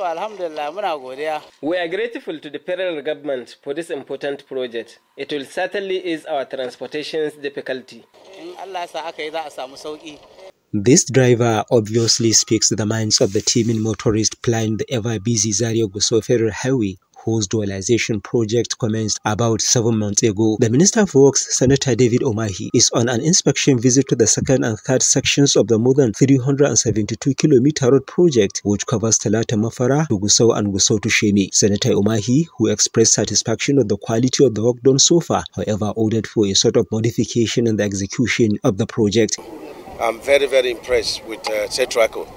So, alhamdulillah, muna godiya. We are grateful to the federal government for this important project. It will certainly ease our transportation's difficulty. In Allah sa aka yi za a samu sauki. This driver obviously speaks the minds of the teeming motorist plying the ever busy Zaria Gusau Highway whose dualization project commenced about seven months ago. The Minister of Works, Senator David Omahi, is on an inspection visit to the second and third sections of the more than 372 kilometer road project, which covers Telata Mafara, Gusau and Gusau to Shemi. Senator Omahi, who expressed satisfaction of the quality of the work done so far, however, ordered for a sort of modification in the execution of the project. I'm very, very impressed with uh, Cetraco.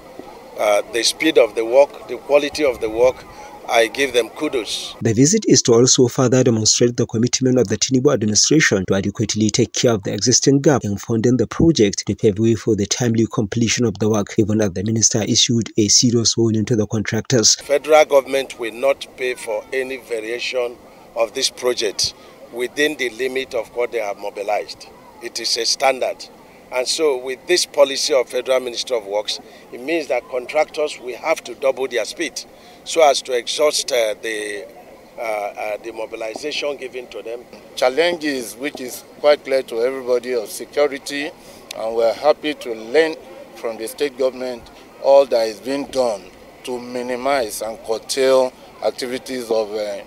Uh, the speed of the work, the quality of the work, I give them kudos. The visit is to also further demonstrate the commitment of the Tinubu administration to adequately take care of the existing gap in funding the project to pave way for the timely completion of the work, even as the minister issued a serious warning to the contractors. Federal government will not pay for any variation of this project within the limit of what they have mobilized. It is a standard. And so with this policy of Federal minister of Works, it means that contractors will have to double their speed so as to exhaust uh, the, uh, uh, the mobilization given to them. Challenges which is quite clear to everybody of security and we're happy to learn from the state government all that is being done to minimize and curtail activities of uh,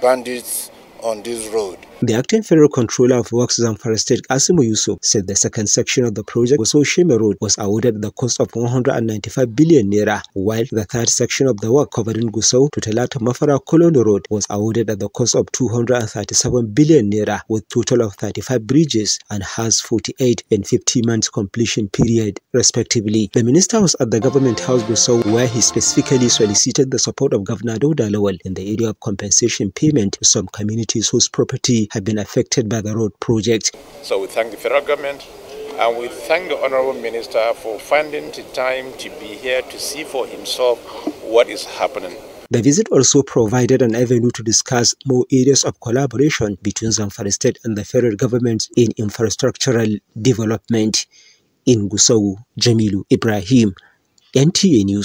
bandits on this road. The acting federal controller of Works Zamfara State, Asimu Yusuf, said the second section of the project, Ososhime Road, was awarded the cost of 195 billion naira, while the third section of the work covering Gusau to Telata Mafara Colony Road was awarded at the cost of 237 billion naira, with total of 35 bridges and has 48 and 50 months completion period, respectively. The minister was at the government house Gusau, where he specifically solicited the support of Governor Dodalawal in the area of compensation payment to some communities whose property have been affected by the road project. So we thank the federal government and we thank the honorable minister for finding the time to be here to see for himself what is happening. The visit also provided an avenue to discuss more areas of collaboration between Zamfara State and the federal government in infrastructural development. In Gusau, Jamilu Ibrahim, NTA News.